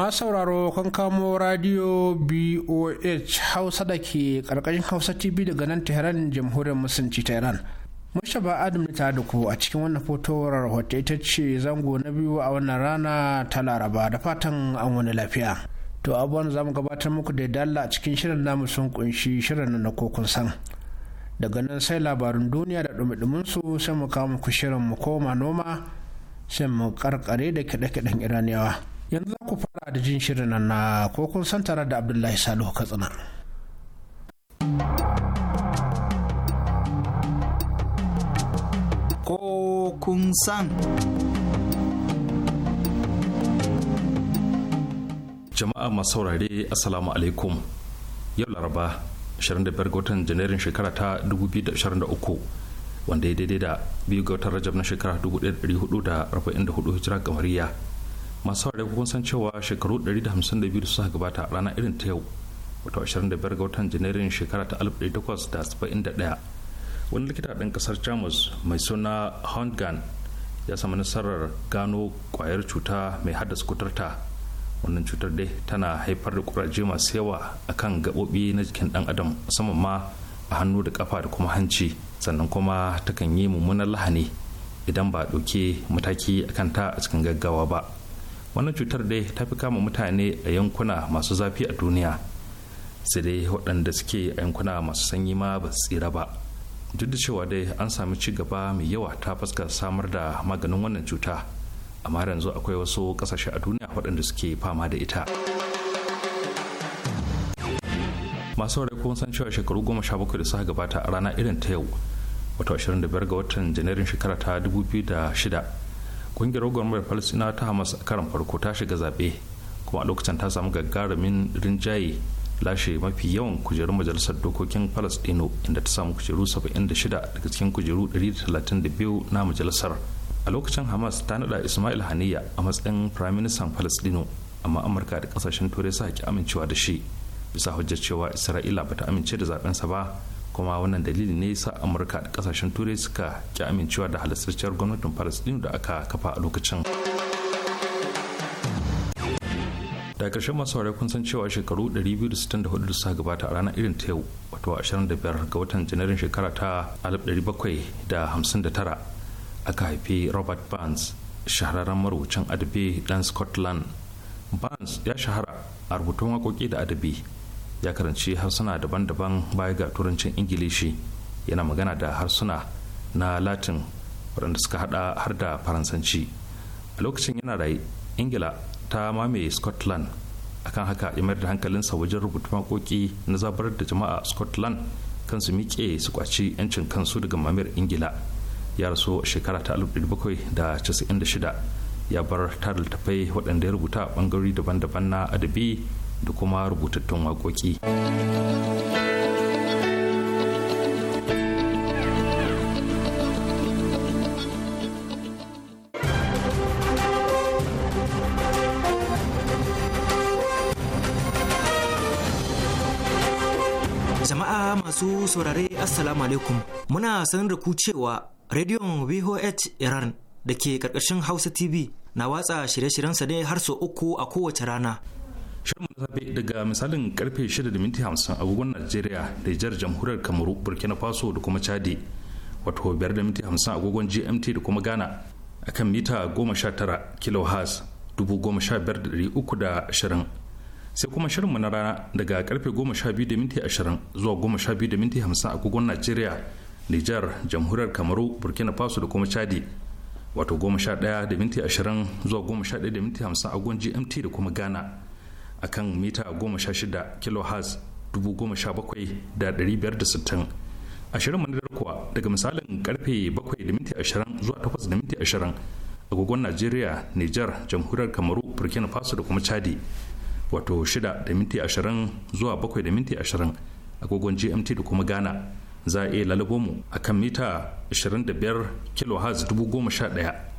masu sauraro kan kamo radio boh hausa da ke karkashin hausa tv daga nan tehran jamhuriyar musulunci ta iran mustapha adam ta da ku a cikin wannan fotowar rahoto ita ce zango na biyu a wannan rana ta laraba da fatan an wani lafiya to abubuwan za mu gabatar muku da dalla a cikin shirin namu sun kunshi shirin na kokun san daga nan sai labarin duniya da dumi su sai mu kawo muku shirin mu koma noma sai mu karkare da kiɗe-kiɗen iraniyawa yanzu za ku fara da jin shirin nan na kokon santara da abdullahi salihu katsina kokun san jama'a masu saurare assalamu alaikum yau laraba 25 ga watan janairun shekara ta 2023 wanda ya daidai da biyu ga watan rajab na shekara 1444 hijira gamariya masu haɗe kun san cewa shekaru 152 suka gabata a rana irin ta yau wato 25 ga watan janairun shekara ta 1871 wani likita ɗan ƙasar jamus mai suna hongan ya sami nasarar gano ƙwayar cuta mai haddasa kuturta wannan cutar dai tana haifar da kuraje masu yawa a kan gaɓoɓi na jikin ɗan adam musamman ma a hannu da ƙafa da kuma hanci sannan kuma takan yi mummunan lahani idan ba ɗauke mataki a kanta a cikin gaggawa ba wannan cutar dai ta fi kama mutane a yankuna masu zafi a duniya sai dai waɗanda suke a yankuna masu sanyi ma ba su tsira ba duk da cewa dai an sami ci gaba mai yawa ta fuskar samar da maganin wannan cuta amma yanzu akwai wasu kasashe a duniya waɗanda suke fama da ita masu rai kuma san cewa shekaru goma sha bakwai da suka gabata a rana irin ta yau wato 25 ga watan janairun shekara ta 2006 kungiyar gwamnatin palestina ta hamas a karan farko ta shiga zaɓe kuma a lokacin ta samu gagarumin rinjaye lashe mafi yawan kujerun majalisar dokokin Falasdino inda ta samu kujeru 76 daga cikin kujeru 132 na majalisar a lokacin hamas ta nada ismail haniya a matsayin prime minister amma amurka da kasashen turai sa ki amincewa da shi bisa hujjar cewa isra'ila ba ta amince da zaben sa ba kuma wannan dalili ne sa amurka da kasashen turai suka ki amincewa da halastacciyar gwamnatin palestine da aka kafa a lokacin da ƙarshen masu saurari kun san cewa shekaru 264 da suka gabata a ranar irin ta yau wato 25 ga watan janairun shekara ta 1759 aka haifi robert barnes shahararren marubucin adabi dan scotland barnes ya shahara a rubutun waƙoƙi da adabi ya karanci harsuna daban-daban baya ga turancin ingilishi yana magana da harsuna na latin waɗanda suka hada har da faransanci a lokacin yana raye ingila ta mamaye scotland akan haka ya mayar da hankalinsa wajen rubuta makoki na zabar da jama'a scotland kan su miƙe su kwaci 'yancin kansu daga mamayar ingila ya rasu a shekara ta 1796 ya bar tarin tafai waɗanda ya rubuta ɓangarori daban-daban na adabi da kuma rubutattun waƙoƙi. masu saurare assalamu alaikum muna sanar da ku cewa rediyon voh iran da ke karkashin hausa tv na watsa shirye-shiryensa ne har sau uku a kowace rana shirin na safe daga misalin karfe 6:50 agogon najeriya da jihar jamhuriyar kamaru burkina faso da kuma chadi wato 5:50 agogon gmt da kuma ghana akan mita 19 kilohertz 15320 sai kuma shirinmu na rana daga karfe 12:20 zuwa 12:50 agogon najeriya nijar jamhuriyar kamaru burkina faso da kuma chadi wato 11:20 zuwa 11:50 agogon gmt da kuma ghana a kan mita 16 kHz 17,560 ashirin manadar kuwa daga misalin karfe 7:20 zuwa 8:20 agogon najeriya Nijar, jamhuriyar kamaru burkina faso da kuma chadi wato 6:20 zuwa 7:20 agogon gmt da kuma ghana za a iya lalabo mu a kan mita 25 kHz 11,000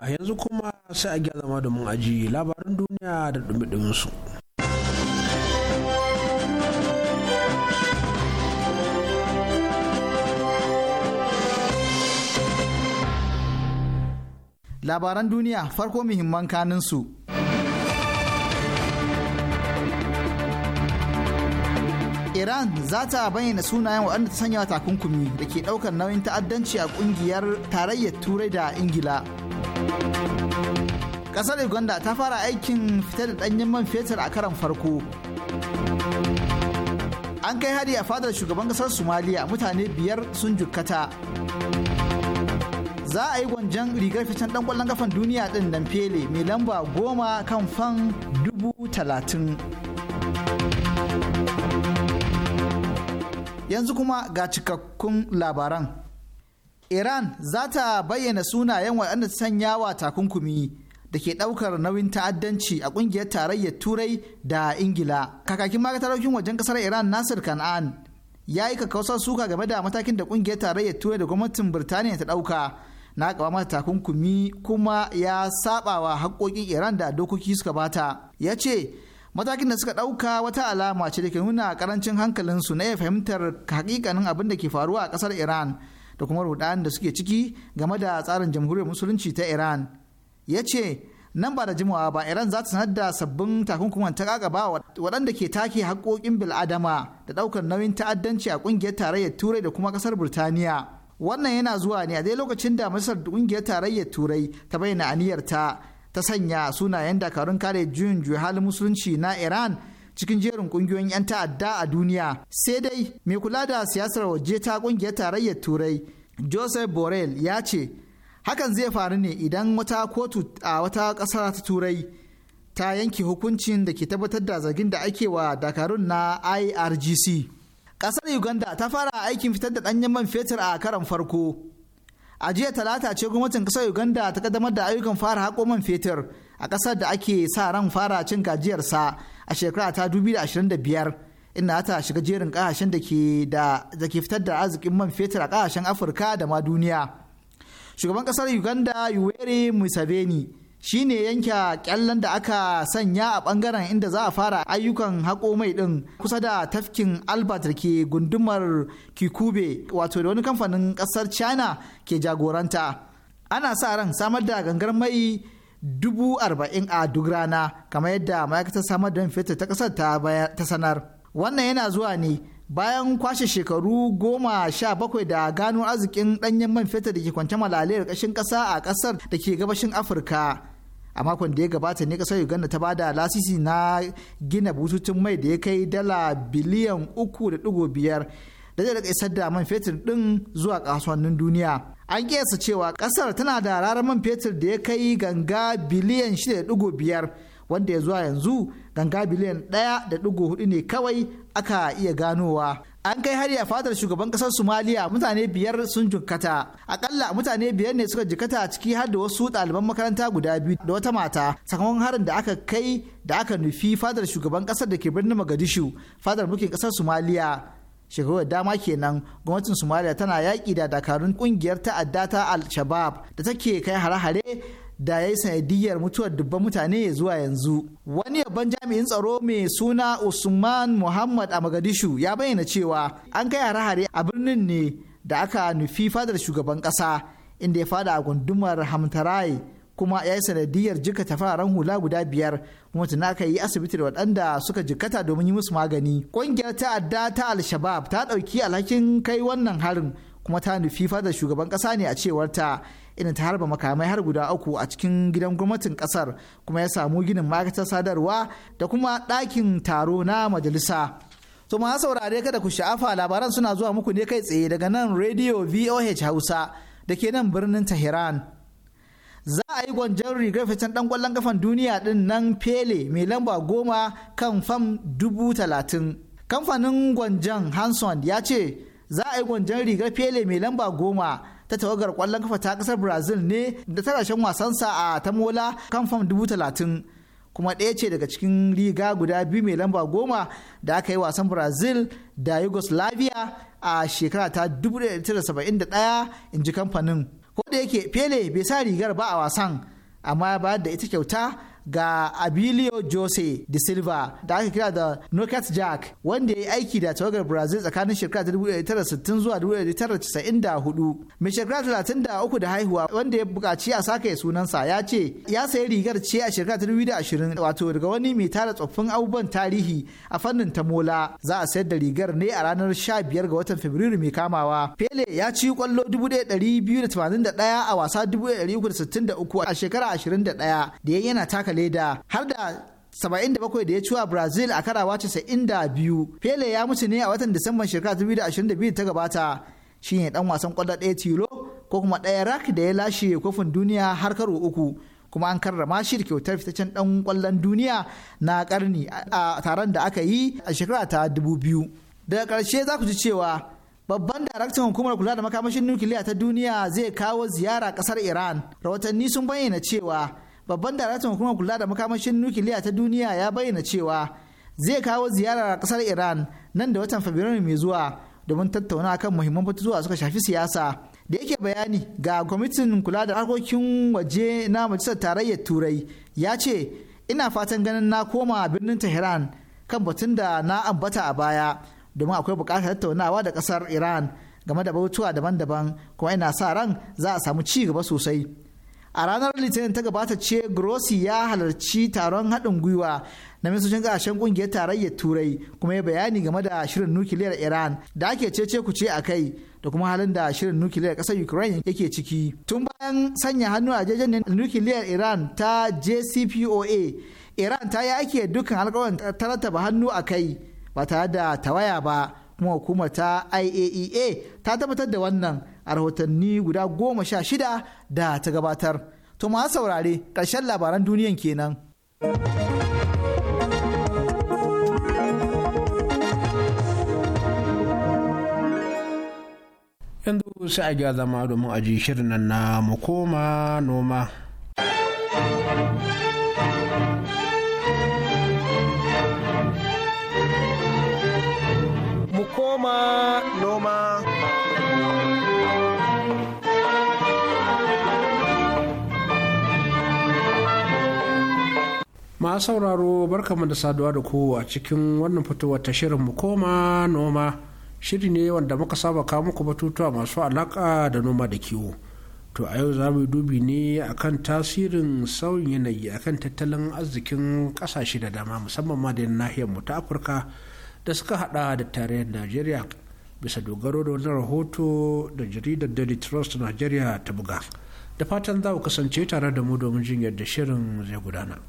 Allah yanzu kuma sai a gyara zama domin aji labarin duniya da dumi su. labaran duniya farko muhimman kanin su. Iran za ta bayyana sunayen waɗanda ta sanya takunkumi da ke ɗaukar nauyin ta'addanci a ƙungiyar tarayyar Turai da Ingila. kasar uganda ta fara aikin fitar da ɗanyen man fetur a karan farko an kai hari a fadar shugaban ƙasar somaliya mutane biyar sun jukkata za a yi gwanjan rigar fitan ɗan ƙwallon kafan duniya din nan fele mai lamba goma kan fan dubu talatin yanzu kuma ga cikakkun labaran Iran za ta bayyana sunayen waɗanda ta sanya wa takunkumi da ke ɗaukar nauyin ta'addanci a ƙungiyar tarayyar Turai da Ingila. Kakakin makatarokin wajen ƙasar Iran Nasir Kan'an ya yi kakkausar suka game da matakin da ƙungiyar tarayyar Turai da gwamnatin Birtaniya ta ɗauka na gaba mata takunkumi kuma ya sabawa wa haƙoƙin Iran da dokoki suka bata. Ya ce matakin da suka ɗauka wata alama ce da ke nuna ƙarancin hankalinsu na iya fahimtar hakikanin abin da ke faruwa a ƙasar Iran. da kuma rudan da suke ciki game da tsarin jamhuriyar musulunci ta iran ya ce nan ba da jimawa ba iran za ta sanar da sabbin takunkuman ta waɗanda ke take haƙoƙin bil'adama da ɗaukar nauyin ta'addanci a ƙungiyar tarayyar turai da kuma ƙasar burtaniya wannan yana zuwa ne a dai lokacin da masar ƙungiyar tarayyar turai ta bayyana aniyarta ta sanya sunayen dakarun kare juyin juya halin musulunci na iran cikin jerin kungiyoyin 'yan ta'adda a duniya sai dai mai kula da siyasar waje ta kungiyar tarayyar turai joseph borrell ya ce hakan zai faru ne idan wata kotu a wata ƙasa ta turai ta yanke hukuncin da ke tabbatar da zargin da ake wa dakarun na irgc ƙasar uganda ta fara aikin fitar da ɗanyen man fetur a karan farko a jiya talata ce gwamnatin kasar uganda ta kaddamar da ayyukan fara haƙo man fetur a ƙasar da ake sa ran fara cin gajiyarsa a shekara ta 2025 inda ta shiga jerin ƙasashen da ke da ke fitar da arzikin man fetur a ƙasashen afirka da ma duniya shugaban ƙasar uganda yoweri museveni shi ne yanke kyallen da aka sanya a bangaren inda za a fara ayyukan haƙo mai ɗin kusa da tafkin albert da ke gundumar kikube wato da wani kamfanin ƙasar china ke jagoranta ana sa ran samar da gangar mai dubu arba'in a duk rana kamar yadda ma'aikatar samar da fetur ta ƙasar ta sanar wannan yana zuwa ne bayan kwashe shekaru goma sha bakwai da gano arzikin ɗanyen man fetur da ke kwance malaliyar ƙashin ƙasa a ƙasar da ke gabashin afirka a makon da ya gabata ne kasar uganda ta bada lasisi na gina bututun mai da ya kai dala biliyan uku da digo biyar da zai isar da man fetur din zuwa kasuwannin duniya an kiyasta cewa kasar tana da rarar man fetur da ya kai ganga biliyan shida da digo biyar wanda ya zuwa yanzu ganga biliyan ɗaya da digo hudu ne kawai aka iya ganowa an kai hari a fadar shugaban kasar somaliya mutane biyar sun jikkata akalla mutane biyar ne suka jikkata a ciki har da wasu ɗaliban makaranta guda biyu da wata mata sakamakon harin da aka kai da aka nufi fadar shugaban kasar da ke birnin magadishu fadar mulkin kasar somaliya shekaru da dama kenan gwamnatin somaliya tana yaƙi da dakarun ƙungiyar ta'adda ta al-shabab da take kai hare-hare da ya yi sanadiyar mutuwar dubban mutane zuwa yanzu. Wani yabban jami'in tsaro mai suna Usman Muhammad a Magadishu ya bayyana cewa an kai hare-hare a birnin ne da aka nufi fadar shugaban ƙasa inda ya fada a gundumar Hamtarai kuma ya yi sanadiyar jikata fararen hula guda biyar kuma tana aka yi asibiti da waɗanda suka jikata domin yi musu magani. Ƙungiyar ta'adda ta al ta ɗauki alhakin kai wannan harin kuma ta nufi fada shugaban kasa ne a cewar ta inda ta harba makamai har guda uku a cikin gidan gwamnatin kasar kuma ya samu ginin ma'aikatar sadarwa da kuma ɗakin taro na majalisa to ma saurare kada ku sha'afa labaran suna zuwa muku ne kai tsaye daga nan radio voh hausa da ke nan birnin tehran za a yi gwanjan rigar fitan dan kwallon kafan duniya din nan pele mai lamba goma kan fam dubu talatin kamfanin gwanjan hanson ya ce za a yi gwanjan rigar fele mai lamba goma ta tawagar kwallon kafa ta kasar brazil ne da ta wasan wasansa a tamola kan fam dubu talatin kuma ɗaya ce daga cikin riga guda biyu mai lamba goma da aka yi wasan brazil da yugoslavia a shekara ta 1971 in ji kamfanin ko da yake fele bai sa rigar ba a wasan amma ya bayar da ita kyauta ga Abilio Jose de Silva da aka kira da Knockout Jack wanda ya yi aiki da tawagar Brazil tsakanin shekara 1960 zuwa 1994. Mai shekara 33 da haihuwa wanda ya bukaci a sake sunansa ya ce ya sayi rigar ce a shekara 2020 wato daga wani mai tara tsoffin abubuwan tarihi a fannin tamola za a sayar da rigar ne a ranar 15 ga watan Fabrairu mai kamawa. Pele ya ci kwallo 1281 a wasa 1363 a shekara 21 da yana taka leda har da 77 da ya wa Brazil a karawa 92. Pele ya mutu ne a watan Disamban shekara 2022 ta gabata. Shi ne dan wasan kwallo ɗaya tilo ko kuma ɗaya rak da ya lashe kofin duniya har karo uku. Kuma an karrama shi da kyautar fitaccen dan kwallon duniya na karni a taron da aka yi a shekara ta 2000. Daga karshe za ku ji cewa babban daraktan hukumar kula da makamashin nukiliya ta duniya zai kawo ziyara kasar Iran. Rahotanni sun bayyana cewa babban daraton hukumar kula da makamashin nukiliya ta duniya ya bayyana cewa zai kawo ziyarar kasar iran nan da watan fabrairu mai zuwa domin tattauna kan muhimman batutuwa suka shafi siyasa da yake bayani ga kwamitin kula da harkokin waje na majalisar tarayyar turai ya ce ina fatan ganin na koma birnin tehran kan batun da na ambata a baya domin akwai bukatar tattaunawa da kasar iran game da bautuwa daban-daban kuma ina sa ran za a samu ci gaba sosai a ranar litinin ta gabata ce grossi ya halarci taron haɗin gwiwa na ministocin ƙasashen ƙungiyar tarayyar turai kuma ya bayani game da shirin nukiliyar iran da ake cece ku ce a kai da kuma halin da shirin nukiliyar ƙasar ukraine yake ciki tun bayan sanya hannu a jejen nukiliyar iran ta jcpoa iran ta yi ake dukkan alkawarin ta rattaba hannu a kai ba tare da tawaya ba kuma hukumar ta iaea e ta tabbatar da wannan a rahotanni guda goma sha shida da ta gabatar. To ma saurare ƙarshen labaran duniyan kenan. yanzu sai a gyara zama domin aji shirin nan na mu koma noma. ma sauraro barkamu da saduwa da ku a cikin wannan fitowar ta shirin mu koma noma shiri ne wanda muka saba kawo muku batutuwa masu alaka da noma da kiwo to a yau za mu dubi ne akan tasirin sauyin yanayi akan tattalin arzikin kasashe da dama musamman ma da nahiyar mu ta afirka da suka hada da tarayyar najeriya bisa dogaro da wani rahoto da jaridar daily trust najeriya ta buga da fatan za ku kasance tare da mu domin jin yadda shirin zai gudana.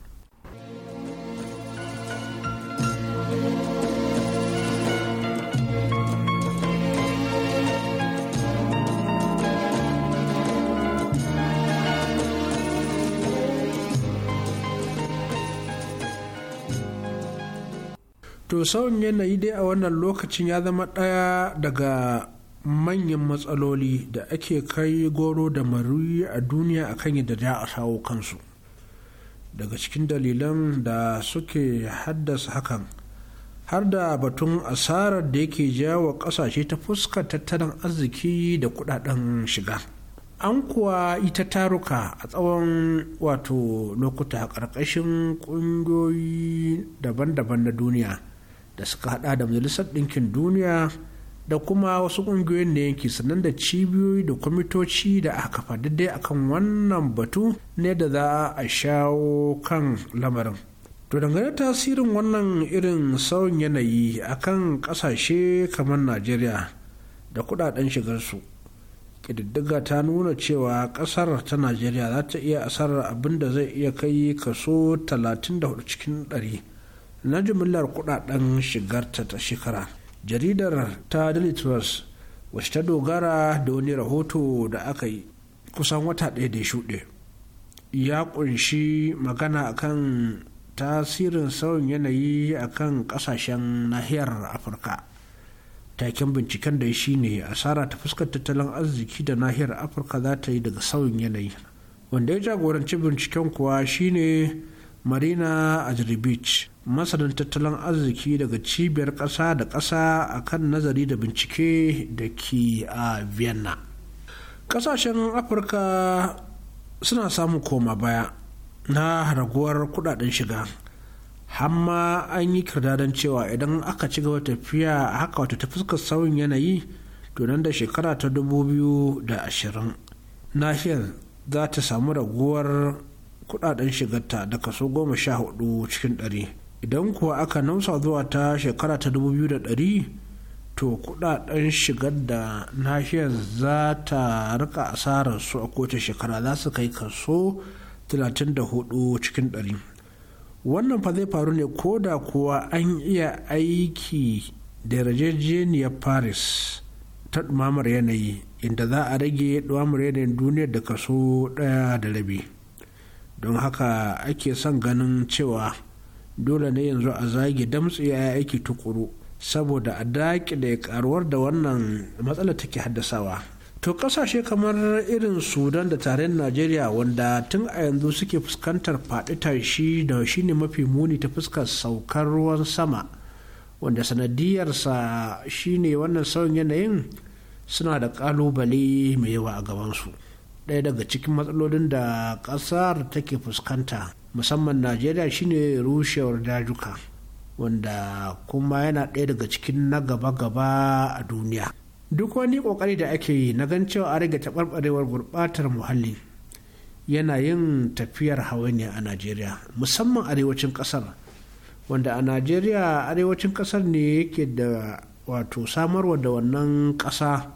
sauyin yanayi dai a wannan lokacin ya zama ɗaya daga manyan matsaloli da ake kai goro da maruyi a duniya akan yadda za a shawo kansu daga cikin dalilan da suke haddasa hakan har da batun asarar da yake jawo kasashe ta fuskar tattalin arziki da kudaden shiga an kuwa ita taruka a tsawon wato lokuta a ƙarƙashin ƙungiyoyi daban-daban na duniya da suka hada da majalisar ɗinkin duniya da kuma wasu ƙungiyoyin da yanki sannan da cibiyoyi da kwamitoci da aka faɗi dai akan wannan batu ne da za a shawo kan lamarin to dangane tasirin wannan irin sauyin yanayi akan ƙasashe kamar najeriya da kudaden shigarsu ƙididdiga ta nuna cewa ƙasar ta najeriya za ta iya asarar abin da zai iya kai kaso 34 cikin na jimillar kudaden shigarta ta shekara jaridar ta daily wacce ta dogara da wani rahoto da aka yi kusan wata ɗaya da shuɗe ya kunshi magana akan tasirin sauyin yanayi akan ƙasashen nahiyar afirka taken binciken da shi ne asara ta fuskar tattalin arziki da nahiyar afirka za ta yi daga sauyin yanayi wanda ya jagoranci binciken kuwa shine marina ajribich masanin tattalin arziki daga cibiyar ƙasa da ƙasa a kan nazari da bincike da ke a vienna ƙasashen afirka suna samun koma baya na raguwar kudaden shiga hamma an yi kirdadan cewa idan aka ci gaba tafiya a haka wata ta fuskar sauyin yanayi to nan da shekara ta 2020 nahiyar za ta samu raguwar kudaden shigarta da kaso goma sha hudu cikin ɗari idan kuwa aka nausa zuwa ta shekara ta 2100 to kudaden shigar da nahiyar za ta rika asarar su a kowace shekara za su kai kaso 34 cikin 100 wannan fa zai faru ne ko da kuwa an iya aiki da yarjejeniyar paris ta ɗumamar yanayi inda za a rage ɗumamar yanayin duniyar da kaso ɗaya da rabi don haka ake son ganin cewa dole ne yanzu a zage damtse ya aiki tukuru saboda a daƙi da karuwar da wannan matsala take haddasawa to ƙasashe kamar irin sudan da tarayyar najeriya wanda tun a yanzu suke fuskantar faɗi tashi da shi ne mafi muni ta fuskar saukar ruwan sama wanda sanadiyarsa shine wannan sauyin yanayin suna da ƙalubale mai yawa a gabansu ɗaya daga cikin matsalolin da ƙasar take fuskanta musamman najeriya shine rushewar dajuka wanda kuma yana ɗaya daga cikin na gaba-gaba a duniya duk wani ƙoƙari da ake yi na gan cewa a rage taɓarɓarewar gurɓatar muhalli yana yin tafiyar ne a najeriya musamman arewacin ƙasar wanda a najeriya arewacin ƙasar ne yake da wato samarwa da wannan ƙasa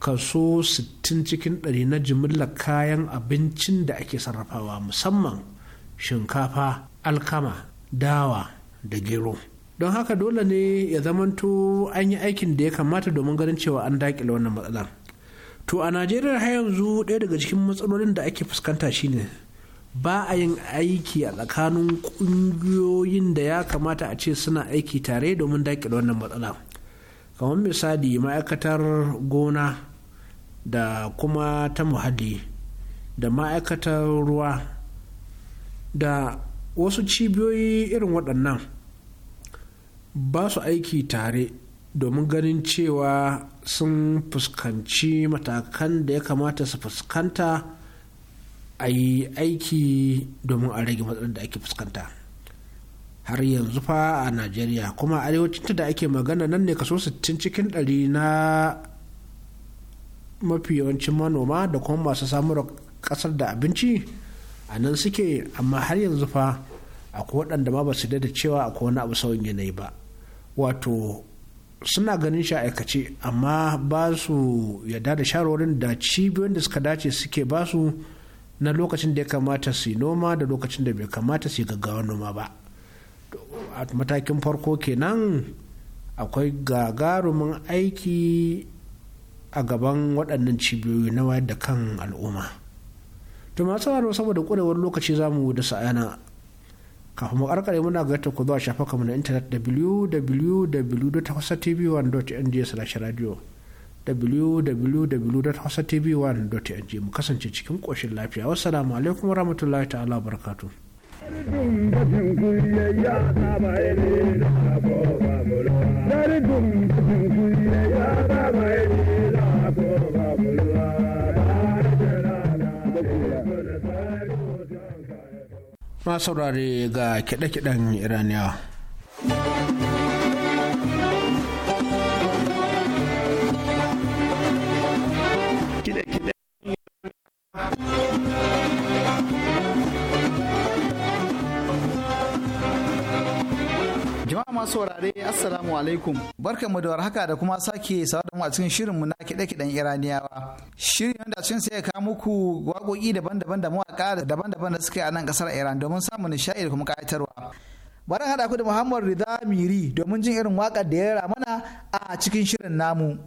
kaso 60 cikin 100 na jimillar kayan abincin da ake sarrafawa musamman shinkafa alkama dawa da gero don haka dole ne ya zamanto an yi aikin da ya kamata domin ganin cewa an daƙile wannan matsalar to a najeriya har yanzu ɗaya daga cikin matsalolin da ake fuskanta shine ba a yin aiki a tsakanin ƙungiyoyin da ya kamata a ce suna aiki tare domin daƙile wannan matsala kamar misali ma'aikatar gona da kuma ta muhalli da ma'aikatar ruwa da wasu cibiyoyi irin waɗannan ba su aiki tare domin ganin cewa sun fuskanci matakan da ya kamata su fuskanta a yi aiki domin a rage matsalar da ake fuskanta har yanzu fa a najeriya kuma arewacin da ake magana nan ne kaso 60 cikin 100 na mafi yawancin manoma da kuma masu samun kasar da abinci a nan suke amma har yanzu fa akwai waɗanda ma ba su da cewa akwai wani abu sauyin yanayi ba wato suna ganin shi a aikace amma ba su yarda da shawarwarin da cibiyoyin da suka dace suke ba su na lokacin da ya kamata su noma da lokacin da bai kamata su yi gaggawa noma ba a matakin farko kenan akwai gagarumin aiki a gaban waɗannan cibiyoyi na wayar da kan al'umma to masu sauraro saboda kwarewar lokaci za mu da sa'ana kafin mu karkare muna ga ta ku zuwa shafakan mu na intanet www.hausatv1.ng/radio www.hausatv1.ng mu kasance cikin koshin lafiya wassalamu alaikum warahmatullahi ta'ala barakatu. Dari dum dum kuye ya baba masaurare saurare ga kiɗe-kiɗen iraniya. masu saurare assalamu alaikum barka mu da warhaka da kuma sake sawa da mu a cikin shirin mu na kiɗe-kiɗen iraniyawa shirin wanda cikin sai ka muku waƙoƙi daban-daban da mawaƙa daban-daban da suke a nan ƙasar iran domin samun nishaɗi da kuma ƙayatarwa bari haɗa ku da muhammad rida miri domin jin irin waƙar da ya yara mana a cikin shirin namu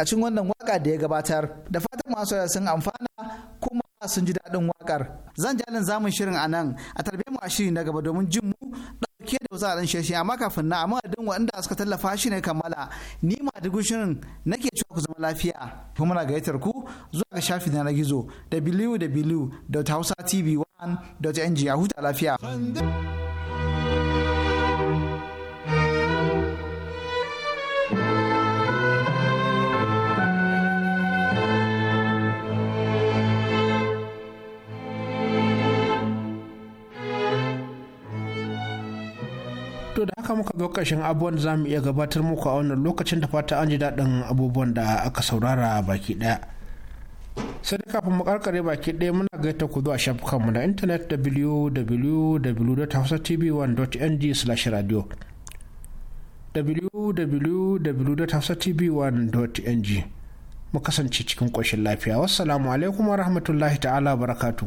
a cikin wannan waka da ya gabatar da fatan masu sun amfana kuma sun ji daɗin wakar zan jalin zamun shirin a nan a tarbe mu a shiri na gaba domin jin mu ɗauke da wasu aran shashi amma kafin na amma adin waɗanda suka tallafa shi ne kammala ni ma dugun shirin nake cewa ku zama lafiya kuma muna gayyatar ku zuwa ga shafi na gizo www.hausatv1.ng a huta lafiya. haka muka zo ƙarshen abubuwan da za mu iya gabatar muku a wannan lokacin da fata an ji daɗin abubuwan da aka saurara baki ɗaya. sai da kafin mu karkare baki ɗaya muna gaita ku zuwa mu na intanet www.hausatv1.ng/radio www.hausatv1.ng mu kasance cikin ƙoshin lafiya wassalamu alaikum wa rahmatullahi ta'ala barakatu.